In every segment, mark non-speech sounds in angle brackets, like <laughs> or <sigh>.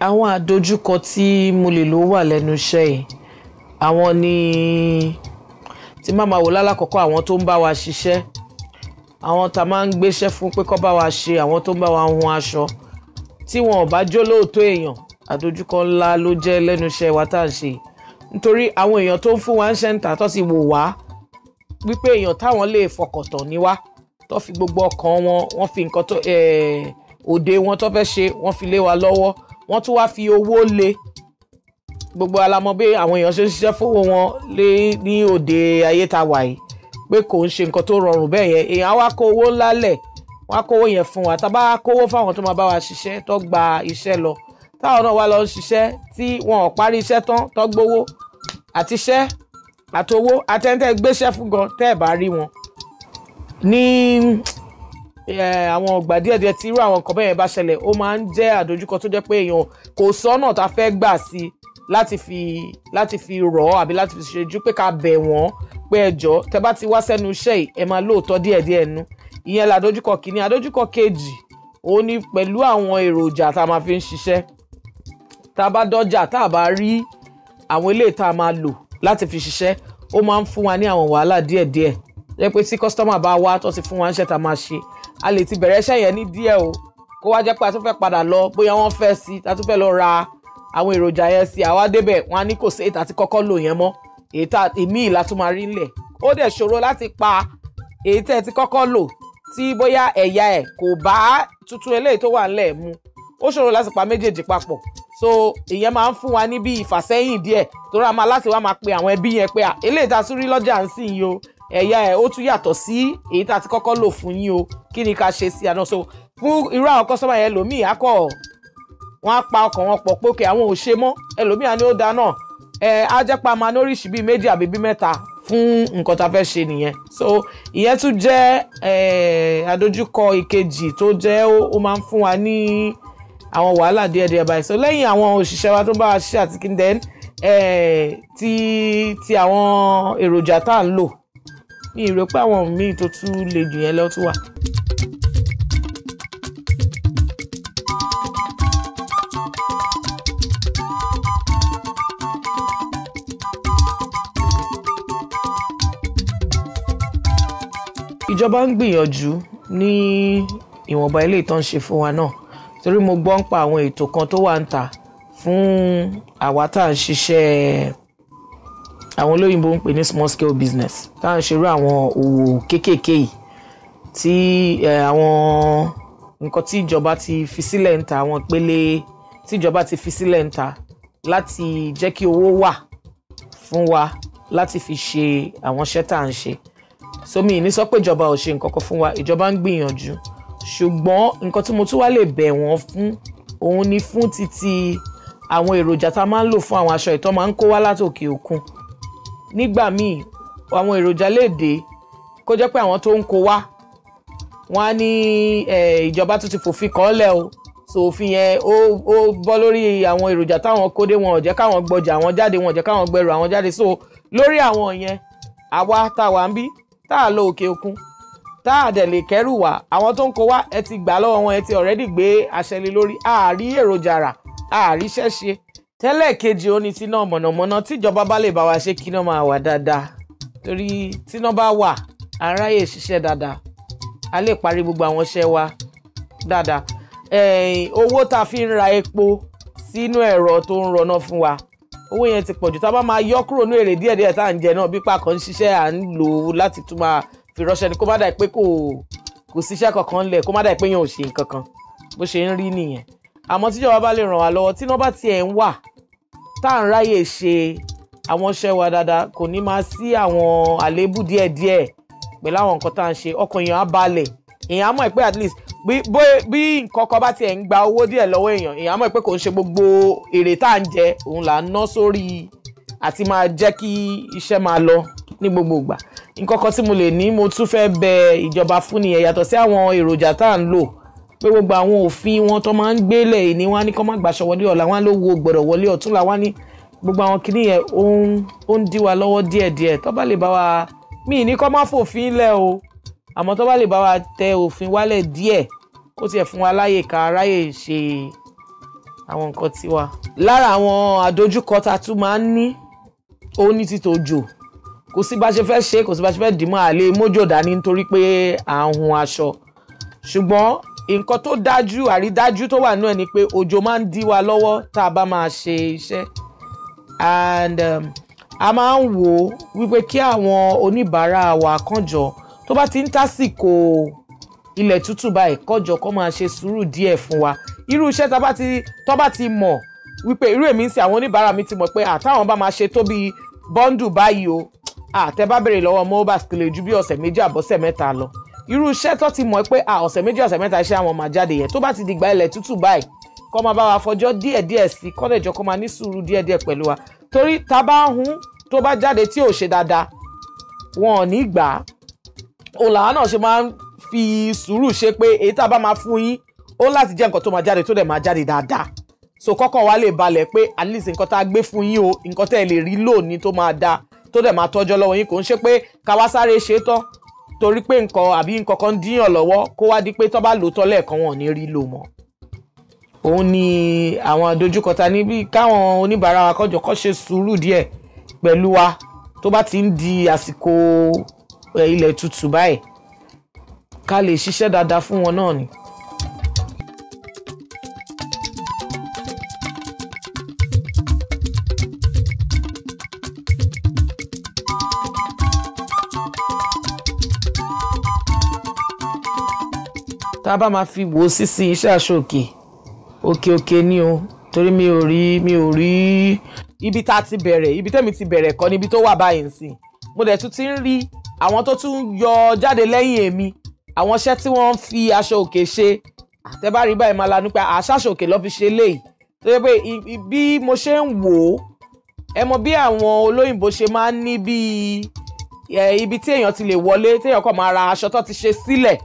àwọn àdojúkọ tí mo lè lò wà lẹ́nu iṣẹ́ yìí àwọn ni tí má máa wò lálàkọ́kọ́ àwọn tó ń bá wa ṣiṣẹ́ àwọn tá a máa ń gbéṣẹ́ fún pé kọ́ bá wa ṣe àwọn tó ń bá wa hun aṣọ tí wọn ò bá jó lóòótọ́ èèyàn àdojúkọ ńlá ló jẹ́ lẹ́nu iṣẹ́ wa tá à ń ṣe nítorí àwọn èèyàn tó ń fún wa ń ṣẹ́ńtà tó sì wò wá wípé èèyàn táwọn lè fọkàntàn ní wá tó fi gbogbo ọkàn wọn wọ́n fi nǹkan tó òde wọn tó fẹ́ ṣe wọ́n fi lé wa lọ́wọ́ wọ́n tún wáá fi owó lé gbogbo alamọ bí àwọn èèyàn ṣe ń ṣiṣẹ́ fowó wọn lé ní òde ayé ta wà yìí pé kò ń ṣe nǹkan tó rọrùn bẹ́ẹ̀ yẹn èèyàn wá kó owó ńlá lẹ̀ wọ́n á kówó yẹn fún wa tá a bá kówó fáwọn tó máa bá wa ṣiṣẹ́ tó gba iṣẹ́ lọ táwọn náà wá lọ ń ṣiṣẹ́ tí wọn ò parí iṣẹ́ tán tó gbowó àtiṣẹ́ àtowó àtẹ́ńtẹ́ gbéṣẹ́ fún gan tẹ́ ẹ̀ bá rí wọn ní àwọn ọgbà díẹ̀díẹ̀ tí irú àwọn nǹkan bẹ́ẹ̀ yẹn bá ṣẹlẹ̀ ó máa ń jẹ́ àdójúkọ tó jẹ́ pé èèyàn kò sọ́nà tá a fẹ́ gbà sí i láti fi láti fi rọ̀ ọ́ àbí láti fi ṣojú pé ká bẹ̀ wọ́n pé ẹjọ́ tẹ bá ti wá sẹ́nu iṣẹ́ yìí ẹ máa lóòótọ́ díẹ̀díẹ̀ nu ìyẹn làdójúkọ kìíní àdójúkọ kejì òun ni pẹ̀lú àwọn èròjà tá a máa fi ń ṣiṣẹ́ tá a bá dọ́jà tá a bá rí àwọn eléyìí tá a máa lò láti fi ṣiṣẹ́ ó máa ń fún wa ní àwọn wàhálà díẹ̀díẹ̀ jẹ́ pé tí kọ́sítọ́mà bá wá tó ti fún wa ń ṣe máa ṣe a lè ti bẹ̀rẹ̀ iṣẹ́ yẹn ní díẹ̀ o kó wá jẹ́ pé a tún fẹ́ padà lọ bóyá wọ́n fẹ́ sí i a tún fẹ́ lọ ra àwọn èròjà yẹn sí i àwa débẹ̀ wọn á ní kò sí èyí tá a ti kọ́kọ́ lò yẹn mọ́ èyí èmi ìlà tún máa rí ńlẹ̀ ó dẹ̀ ṣòro láti pa èyí ti kọ́kọ́ lò tí bóyá ẹ̀yà ẹ̀ kò bá tuntun eléyìí tó wà ńlẹ̀ mu ó ṣòro láti pa méjèèjì papọ̀ so ìyẹn máa ń fún wa ní bí ìfàsẹ́yìn díẹ̀ tó rà máa láti wá máa pe àwọn ẹbí yẹn pé eléyìí tá a rí lọ́jà ń sìn yìí o ẹ̀yà ẹ̀ ó tún yàtọ̀ sí èyí tá a ti kọ́kọ́ lò fún yín o kí ni ká ṣe sí àná so fún irú àwọn kọ́sọ́mà yẹn lòmíì akọ̀ wọ́n á pa ọkàn wọn pọ̀ pé òkè àwọn ò ṣe mọ́ ẹlòmíì àni ó da ẹ á jẹ́ pa máa lóríṣìí bíi méjì àbí bíi mẹ́ta fún nǹkan tá a fẹ́ ṣe nìyẹn so ìyẹn tún jẹ́ àdójúkọ ìkejì tó jẹ́ ó máa ń fún wa ní àwọn wàhálà díẹ̀díẹ̀ báyìí so lẹ́yìn àwọn òṣìṣẹ́ wa tó bá wa ṣe àtìkí then ti ti àwọn èròjà tá à ń lò mi ì rò pé àwọn míì tó tún le jù yẹn lọ tún wà. ìjọba ń gbìyànjú ní ìwọ̀nba ilé ìtàn ṣe fún wa náà torí mo gbọ́ ń pa àwọn ètò kan tó wà ń ta fún àwa tá à ń ṣiṣẹ́ àwọn olóyìnbó ń pè ní small scale business táwọn ṣerú àwọn òwò kéékèèké yìí tí àwọn nǹkan tí ìjọba ti fi sílẹ̀ ń ta àwọn ìpele tí ìjọba ti fi sílẹ̀ ń ta láti jẹ́ kí owó wà fún wa láti fi ṣe àwọn iṣẹ́ tá à ń ṣe sómi ìní sọ pé ìjọba ò ṣe nǹkan kan fún wa ìjọba ń gbìyànjú ṣùgbọ́n nǹkan tí mo tún wá lè bẹ̀ wọ́n fún òun ni fún títí àwọn èròjà tá a máa ń lò fún àwọn aṣọ ìtọ́ máa ń kó wá látòkè òkun nígbà míì àwọn èròjà lè dé kó jẹ́ pé àwọn tó ń kó wá wọ́n á ní ìjọba tó ti fòfin kan o so òfin yẹn ó ó bọ́ lórí àwọn èròjà táwọn kó wọn ò káwọn gbọ́jà àwọn jáde wọn ò káwọn gbẹrù àwọn jáde so lórí àwọn yẹn àwa tá a wà ń bí tá a lọ òkè òkun tá a dẹ̀ lè kẹ́rù wá àwọn tó ń kó wá ẹ ti gbà lọ́wọ́ wọn ẹ ti already gbé àṣẹ lé lórí àárí èròjà rà àárí ṣẹ́ṣe tẹ́lẹ̀ kejì ó ní tíná mọ̀nàmọ́ná tíjọba bá lè bá wa ṣe kíná máa wà dáadáa torí tíná bá wà aráyè ṣiṣẹ́ dáadáa a lè parí gbogbo àwọn iṣẹ́ wa dáadáa owó tá a fi ń ra epo sínú ẹ̀rọ tó ń rọná fún wa owó yẹn ti pọ̀ jù tá a bá máa yọ kúrò ní èrè díẹ̀díẹ̀ tá à ń jẹ náà bí pàkó ń ṣiṣẹ́ à ń lò ó láti tún máa fi ránṣẹ́ ni kó má dà pé kò kò síṣẹ́ kankan lẹ̀ kó má dà pé yẹn ò ṣe nǹkan kan bó ṣe ń rí nìyẹn àmọ́ tíjọba bá lè ràn wá lọ́wọ́ tí iná bá tiẹ̀ ń wà tá à ń ráyè ṣe àwọn iṣẹ́ wa dáadáa kò ní máa sí àwọn àléébù díẹ̀díẹ̀ pẹ̀lú àwọn nǹkan tá à ń ṣe ọkàn èèyàn á balẹ̀ èèyàn á mọ̀ pé at least bí nǹkan kan bá tiẹ̀ ń gba owó díẹ̀ lọ́wọ́ èèyàn èèyàn á mọ̀ pé kò ń ṣe gbogbo èrè tá à ń jẹ òun là ń ná sórí àti máa jẹ́ kí iṣẹ́ máa lọ ní gbogbo ìgbà nǹkan kan tí mo lè ní mo tún fẹ́ bẹ ìjọba fún nìyẹn yàtọ̀ sí àwọn èròjà tá à ń lò pé gbogbo àwọn òfin wọn tó máa ń gbélé ní wọn ní kó má gbàṣọ wọlé ọ̀la wọn ló wo gbọ̀dọ̀ wọlé ọ̀tún la wọn ní gbogbo àwọn kìíní yẹn ó ń dí wa lọ́wọ́ díẹ̀díẹ̀ tó bá lè bá wa mí ní kó má fòfin lẹ̀ o àmọ́ tó bá lè bá wa tẹ òfin wálẹ̀ díẹ̀ kó tiẹ̀ fún wa láyè ká ráyè ṣe àwọn nǹkan tiwa. lára àwọn àdójúkọ tá a tún máa ń ní òun ní títò jò kò sí bá ṣe fẹ́ ṣe kò sí bá ṣe fẹ́ dìímọ̀ àlè mójò nǹkan tó dájú àrídájú tó wà náà ni pé òjò máa ń dí wa lọ́wọ́ tá a bá máa ṣe iṣẹ́ and um, a máa ń wò ó wípé kí àwọn oníbàárà wa kànjọ tó bá ti ń tásìkò ilẹ̀ tútù báyìí kọjọ kó máa ṣe sùúrù díẹ̀ fún wa irú iṣẹ́ tá bá ti tó bá ti mọ̀ wípé irú èmi ń sìn àwọn oníbàárà mi ti mọ̀ pé àtàwọn bá máa ṣe tó bí bọ́ńdù báyìí o àtẹ bá béèrè lọ́wọ́ Mohbad kò ju bí ọ̀sẹ̀ méjì àbọ̀sẹ̀ mẹ́ta lọ irú iṣẹ́ tó ti mọ̀ pé ọ̀sẹ̀ méjì ọ̀sẹ̀ mẹ́ta iṣẹ́ àwọn máa jáde yẹn tó bá ti dìgbà ilẹ̀ tútù báyìí kọ́ máa bá wa fọjọ́ díẹ̀díẹ̀ sí kọ́lẹ̀jọ́ kọ́ máa ní sùúrù díẹ̀díẹ̀ pẹ̀lú wa torí ta bá hun tó bá jáde tí ò ṣe dáadáa wọn ò ní gbà á òlàwà náà ṣe máa ń fi sùúrù ṣe pé èyí tá a bá máa fún yín ó láti jẹ́ nǹkan tó máa jáde tó dẹ̀ máa jáde dáadáa so kọ́kọ́ wa lè balẹ̀ pé at least nǹkan tá a gbé fún yín o nǹkan tẹ́ ẹ lè rí lónìí tó máa dáa tó dẹ̀ máa tọ́jọ́ lọ́wọ́ yín kò ń ṣe pé ká sáré ṣe tán torí pé nǹkan àbí nǹkan kan díyàn lọ́wọ́ kó wá di pé tó bá lò tán lẹ́ẹ̀kan wọn ò ní rí lò mọ́ òun ni àwọn dojúkọta níbi káwọn oníbàárà wa kọjọ kọ́ ṣe sùúrù díẹ̀ pẹ̀lú wa tó bá ti ń di àsìkò eh, ilẹ̀ tutù báyìí ká lè ṣiṣẹ́ dáadáa fún wọn náà ni. tá a bá máa fi wò ó sísí iṣẹ́ àṣòkè òkè òkè ni o torí mi ò rí mi ò rí ibi tá a ti bẹ̀rẹ̀ ibi tẹ́mi ti bẹ̀rẹ̀ kọ́ níbi tó wà báyìí nsìn mo dẹ̀ tún ti ń rí àwọn tó tún yọ jáde lẹ́yìn èmi àwọn iṣẹ́ tí wọ́n ń fi aṣọ òkè ṣe àtẹ́bá rí báyìí máa lanú pé àṣàṣọ òkè lọ́ fi ṣe léyìí tó yẹ pé bí mo ṣe ń wò ó ẹ mọ bí àwọn olóyìnbó ṣe máa ń ní bíi ibi tí èèyàn ti lè wọlé téèyàn kàn máa ra aṣọ tó ti ṣe sílẹ̀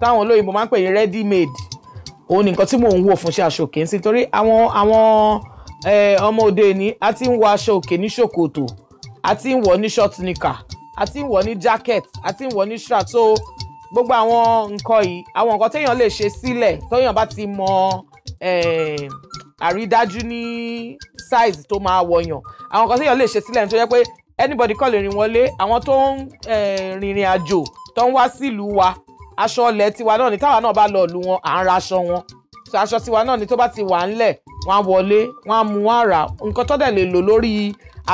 táwọn olóyìnbó máa ń pè ní ready made òun ni nǹkan tí mò ń wò fún ṣe aṣọ òkè ń sìn torí àwọn àwọn ọmọ òde òní a ti ń wọ aṣọ òkè ní ṣòkòtò a ti ń wọ ní short knicker a ti ń wọ ní jacket a ti ń wọ ní shirt so gbogbo àwọn nǹkan yìí àwọn nǹkan téèyàn lè ṣe sílẹ̀ tóyàn bá ti mọ àrídájú ní size tó máa wọ̀yàn àwọn nǹkan téèyàn lè ṣe sílẹ̀ nítorí pé anybody kọ́ lè rìn wọlé àwọn tó ń rìnrìn àjò tó ń wá sílùú wa aṣọ ọlẹ̀ tiwa náà ni táwa náà bá lọ ìlú wọn à ń ra aṣọ wọn so aṣọ tiwa náà ni tó bá ti wà ńlẹ̀ wọn á wọlé wọn á mú wọn á rà nǹkan tó dẹ̀ lè lò lórí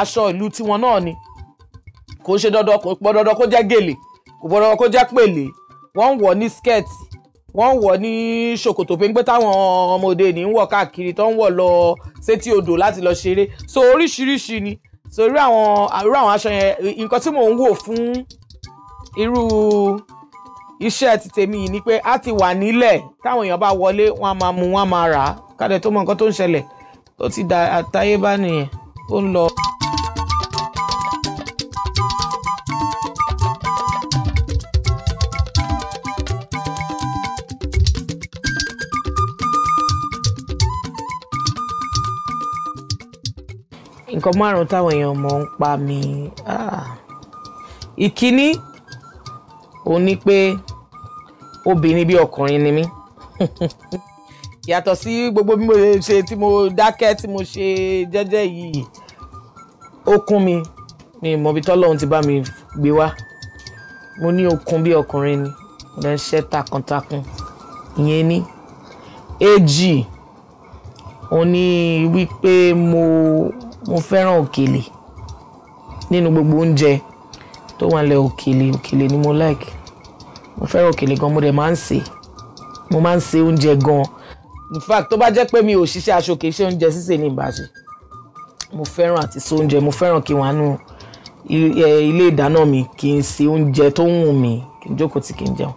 aṣọ ìlú tiwọn náà ni kò ṣe dandan kò pọ̀ dandan kó jẹ́ gèlè kò pọ̀ dandan kó jẹ́ pèlè wọ́n ń ní skẹ́ẹ̀tì wọ́n ń ní ṣòkòtò péńpé táwọn ọmọdé ní ń wọ̀ káàkiri tó ń wọ̀ lọ sétí odò láti lọ ṣeré so oríṣiríṣi ni so irú àwọn irú àwọn aṣọ yẹn nǹkan tí mò ń wò fún irú iṣẹ́ ti tèmi yìí ni pé a ti wà nílẹ̀ táwọn èèyàn bá wọlé wọn a máa mú wọn a máa rà á kádẹ tó mọ nǹkan tó ń ṣẹlẹ̀ ó ti da àtayébá nìyẹn ó ń lọ. nǹkan márùn táwọn èèyàn mọ̀ ń pa mi ah. ìkíní òun pé. Ah obìnrin bí ọkùnrin ni mí <laughs> yàtọ̀ sí gbogbo bí mo ṣe tí mo dákẹ́ tí mo ṣe jẹ́jẹ́ yìí okun mi ni ìmọ̀bí tọ́lọ́hún ti bá mi gbé wá mo ní okun bí ọkùnrin ni mo lè ń ṣe takuntakun ìyẹn ní èjì òun ni wípé mo mo fẹ́ràn òkèlè nínú gbogbo oúnjẹ tó wà lẹ òkèlè òkèlè ni mo like mo fẹ́ràn òkèlè gan mo dẹ̀ máa ń sè mo máa ń sè oúnjẹ gan in fact tó bá jẹ́ pé mi ò ṣiṣẹ́ aṣòkè iṣẹ́ oúnjẹ sísè ní ìbàṣẹ mo fẹ́ràn àti sè oúnjẹ mo fẹ́ràn kí wọ́n á nù ilé ìdáná mi kí n sè oúnjẹ tó wù mí kí n jókòó tí kí n jẹun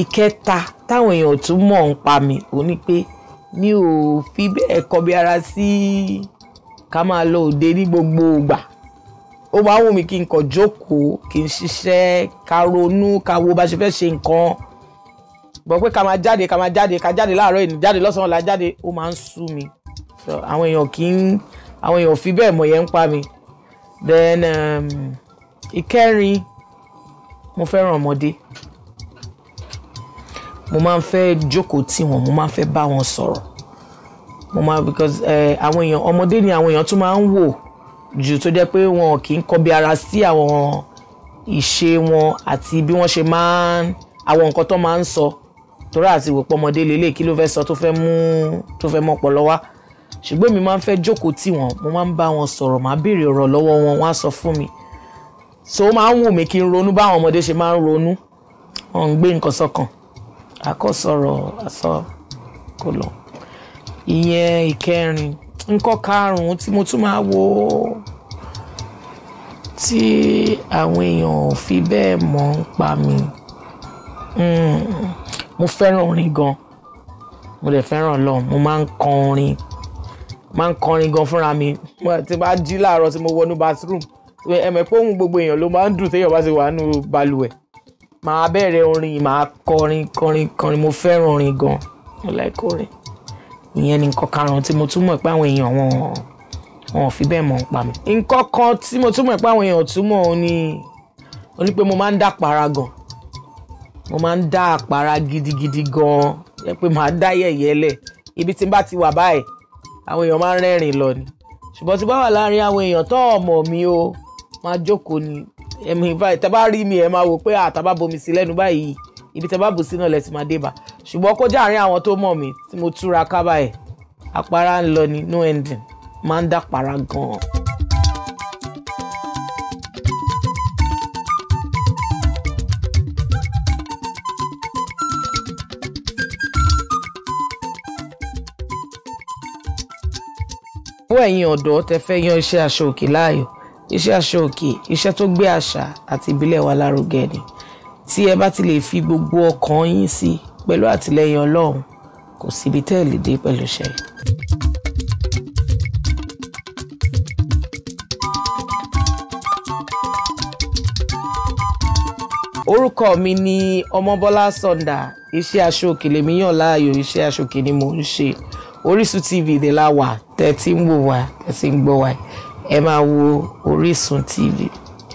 ìkẹta táwọn èèyàn tún mọ̀ ń pa mi ò ní pé mi ò fi bẹ́ẹ̀ kọbi ara sí ká máa lọ òde ní gbogbo ìgbà ó máa ń wù mí kí n kàn jókòó kí n ṣiṣẹ́ ká ronú ká wo bá ṣe fẹ́ ṣe nǹkan bọ̀ pé ká máa jáde ká máa jáde ká jáde láàárọ̀ ìní jáde lọ́sàn-án ọ̀la jáde ó máa ń sú mi so àwọn èèyàn kì í àwọn èèyàn fi bẹ́ẹ̀ mọ̀ yẹn ń pa mi then um, ìkẹrin mo fẹ́ràn ọmọdé mo máa ń fẹ́ jókòó tì wọ́n mo máa ń fẹ́ bá wọn sọ̀rọ̀ mo máa because eh, àwọn èèyàn ọmọdé ni àwọn èèyàn tún máa ń wò jù tó jẹ́ pé wọn kì í kọbi ara sí àwọn ìṣe wọn àti bí wọ́n ṣe máa ń àwọn nǹkan tó máa ń sọ torí àti wò pọ́mọdé lélẹ̀ kí ló fẹ́ sọ tó fẹ́ mú tó fẹ́ mọ́ pọ̀ lọ́wọ́ ṣùgbọ́n mi máa ń fẹ́ jókòó tì wọ́n mo máa ń bá wọn sọ̀rọ̀ máa béèrè ọ̀rọ̀ lọ́wọ́ wọn wọ́n á sọ fún mi so ó máa ń wù mí kí n ronú báwọn ọmọdé ṣe máa ń ronú wọn ń gbé nǹkan sọ́kàn àkọsọ̀rọ̀ àsọ kò lọ ìyẹn ìkẹrin nǹkan karùn-ún tí mo tún máa wo tí àwọn èèyàn ò fi bẹ́ẹ̀ mọ̀ ń pa mi hmm, mo fẹ́ràn orin gan mo dẹ̀ fẹ́ràn Ọlọ́run mo máa ń kọ orin máa ń kọrin gan fúnra mi tí bá jí láàárọ̀ tí mo wọnú bathroom ẹ̀mẹ̀ pé ohun gbogbo èèyàn ló máa ń dùn téèyàn bá ti wà nínú balùwẹ̀ màá bẹ̀rẹ̀ orin màá kọrin kọrin kọrin mo fẹ́ràn orin gan mo like orin ìyẹn ni nǹkan karùn-ún tí mo tún mọ̀ pé àwọn èèyàn wọn wọn ò fi bẹ́ẹ̀ mọ̀ pa mi. nǹkan kan tí mo tún mọ̀ pé àwọn èèyàn tún mọ̀ ọ́ ni ó ní pé mo máa ń dá àpárá gan mo máa ń dá àpárá gidigidi gan jẹ́ pé màá dá yẹ̀yẹ́ lẹ̀ ibi tí n bá ti wà báyìí àwọn èèyàn máa ń rẹ́rìn lọ ni ṣùgbọ́n tí bá wà láàrin àwọn èèyàn tó ọmọ mi o máa jókòó ni ẹ̀mí báyìí tá bá rí mi ẹ̀ máa wò pé àtàbá bomi sí lẹ́nu báyìí ibi tẹ́ bá bù sí náà lẹ ti máa dé bá ṣùgbọ́n kó jáàrin àwọn tó mọ̀ mí tí mo túra kábà ẹ̀ àpárá ń lọ ní no ending máa ń dàpárá gan-an. owó ẹ̀yin ọ̀dọ́ tẹ́ fẹ́ yan iṣẹ́ aṣọ òkè láàyò iṣẹ́ aṣọ òkè iṣẹ́ tó gbé àṣà àti ìbílẹ̀ wa lárugẹ ni tí ẹ bá ti lè fi gbogbo ọkàn yín sí pẹ̀lú àtìlẹyìn ọlọ́run kò síbi tẹ́ ẹ̀ lè dé pẹ̀lú iṣẹ́ yìí. orúkọ mi ni ọmọbọlá sọndà iṣẹ́ aṣọ òkè lèmi yàn láàyò iṣẹ́ aṣọ ni mò ń ṣe orísun tv dé la wà tẹ́tí ń wò wá tẹ́tí ń gbọ́ wá ẹ máa wo orísun tv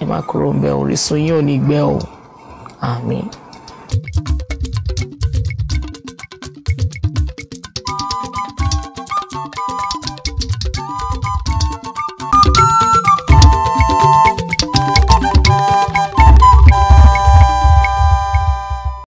ẹ máa kúrò ń bẹ orísun yín ò ní gbẹ o. 阿米。